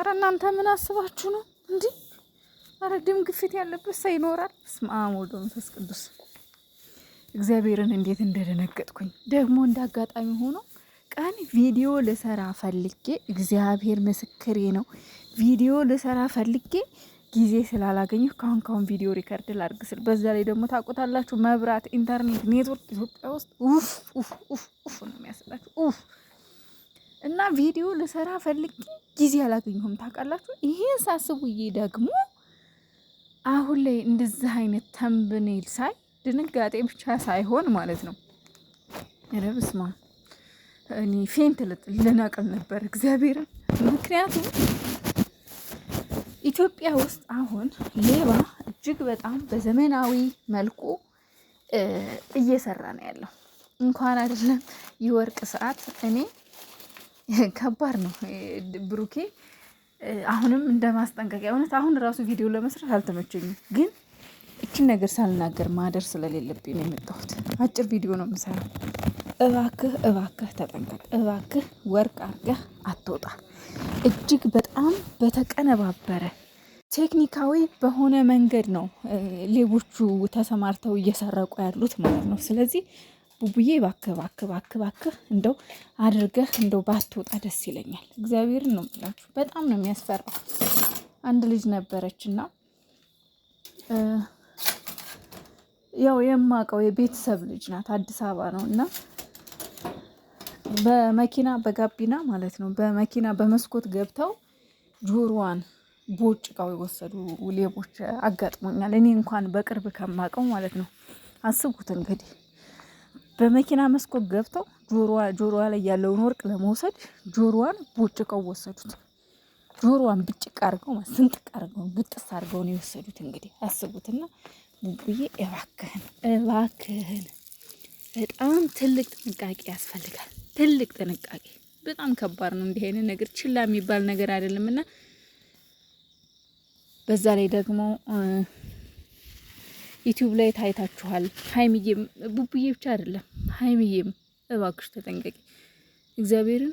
አረ እናንተ ምን አስባችሁ ነው እንዲህ? አረ ደም ግፊት ያለበት ሰው ይኖራል? በስመ አብ ወወልድ ወመንፈስ ቅዱስ። እግዚአብሔርን እንዴት እንደደነገጥኩኝ ደግሞ እንዳጋጣሚ ሆኖ ቀን ቪዲዮ ልሰራ ፈልጌ እግዚአብሔር ምስክሬ ነው። ቪዲዮ ልሰራ ፈልጌ ጊዜ ስላላገኘሁ ካሁን ካሁን ቪዲዮ ሪከርድ ላድርግ ስል በዛ ላይ ደግሞ ታውቁታላችሁ መብራት፣ ኢንተርኔት፣ ኔትወርክ ኢትዮጵያ ውስጥ ኡፍ ኡፍ ኡፍ ነው የሚያስላችሁ ኡፍ እና ቪዲዮ ልሰራ ፈልጌ ጊዜ አላገኘሁም ታውቃላችሁ። ይሄን ሳስቡዬ ደግሞ አሁን ላይ እንደዚህ አይነት ተንብኔል ሳይ ድንጋጤ ብቻ ሳይሆን ማለት ነው። ኧረ እኔ ፌንት ልነቅል ነበር እግዚአብሔርን። ምክንያቱም ኢትዮጵያ ውስጥ አሁን ሌባ እጅግ በጣም በዘመናዊ መልኩ እየሰራ ነው ያለው። እንኳን አይደለም የወርቅ ሰዓት እኔ ከባድ ነው ብሩኬ። አሁንም እንደ ማስጠንቀቂያ እውነት አሁን ራሱ ቪዲዮ ለመስራት አልተመቸኝም፣ ግን እችን ነገር ሳልናገር ማደር ስለሌለብኝ ነው የመጣሁት። አጭር ቪዲዮ ነው የምሰራው። እባክህ እባክህ ተጠንቀቅ፣ እባክህ ወርቅ አርገህ አትወጣ። እጅግ በጣም በተቀነባበረ ቴክኒካዊ በሆነ መንገድ ነው ሌቦቹ ተሰማርተው እየሰረቁ ያሉት ማለት ነው። ስለዚህ ቡቡዬ እባክህ እባክህ እባክህ እባክህ እንደው አድርገህ እንደው ባትወጣ ደስ ይለኛል። እግዚአብሔርን ነው የምላችሁ፣ በጣም ነው የሚያስፈራው። አንድ ልጅ ነበረች እና ያው የማውቀው የቤተሰብ ልጅ ናት፣ አዲስ አበባ ነው እና በመኪና በጋቢና ማለት ነው በመኪና በመስኮት ገብተው ጆሮዋን ቦጭቀው የወሰዱ ሌቦች አጋጥሞኛል። እኔ እንኳን በቅርብ ከማውቀው ማለት ነው። አስቡት እንግዲህ በመኪና መስኮት ገብተው ጆሮዋ ላይ ያለውን ወርቅ ለመውሰድ ጆሮዋን ቦጭቀው ወሰዱት። ጆሮዋን ብጭቅ አርገው ስንጥቅ አርገው ግጥስ አርገው ነው የወሰዱት። እንግዲህ አስቡትና ቡቡዬ፣ እባክህን እባክህን፣ በጣም ትልቅ ጥንቃቄ ያስፈልጋል። ትልቅ ጥንቃቄ በጣም ከባድ ነው። እንዲህ አይነት ነገር ችላ የሚባል ነገር አይደለም እና በዛ ላይ ደግሞ ዩቲዩብ ላይ ታይታችኋል። ሀይሚዬም ቡቡዬ ብቻ አይደለም ሀይሚዬም እባክሽ ተጠንቀቂ። እግዚአብሔርን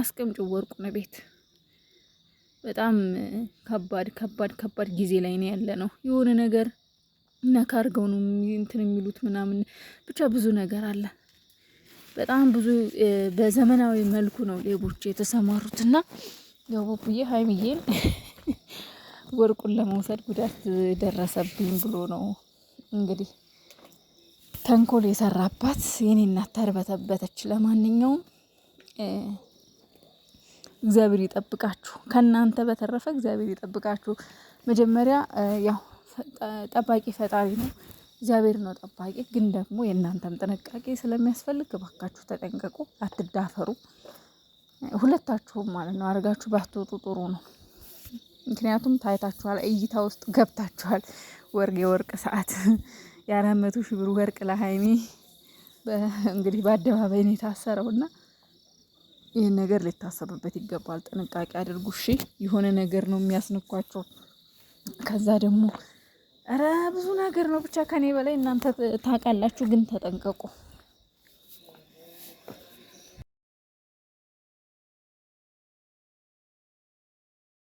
አስቀምጭ ወርቁ ነው ቤት በጣም ከባድ ከባድ ከባድ ጊዜ ላይ ነው ያለ ነው። የሆነ ነገር ነካ አድርገው ነው እንትን የሚሉት ምናምን ብቻ ብዙ ነገር አለ። በጣም ብዙ በዘመናዊ መልኩ ነው ሌቦች እና ያው ቡቡዬ ሀይሚዬን ወርቁን ለመውሰድ ጉዳት ደረሰብኝ ብሎ ነው እንግዲህ ተንኮል የሰራባት የኔ እናት ተርበተበተች። ለማንኛውም እግዚአብሔር ይጠብቃችሁ፣ ከእናንተ በተረፈ እግዚአብሔር ይጠብቃችሁ። መጀመሪያ ያው ጠባቂ ፈጣሪ ነው፣ እግዚአብሔር ነው ጠባቂ። ግን ደግሞ የእናንተም ጥንቃቄ ስለሚያስፈልግ እባካችሁ ተጠንቀቁ፣ አትዳፈሩ። ሁለታችሁም ማለት ነው አድርጋችሁ ባትወጡ ጥሩ ነው። ምክንያቱም ታይታችኋል፣ እይታ ውስጥ ገብታችኋል። ወርቅ የወርቅ ሰዓት የአራት መቶ ሺህ ብር ወርቅ ለሀይሚ እንግዲህ በአደባባይ ነው የታሰረው እና ይህን ነገር ሊታሰብበት ይገባል። ጥንቃቄ አድርጉ እሺ። የሆነ ነገር ነው የሚያስንኳቸው። ከዛ ደግሞ ኧረ ብዙ ነገር ነው ብቻ ከኔ በላይ እናንተ ታውቃላችሁ፣ ግን ተጠንቀቁ።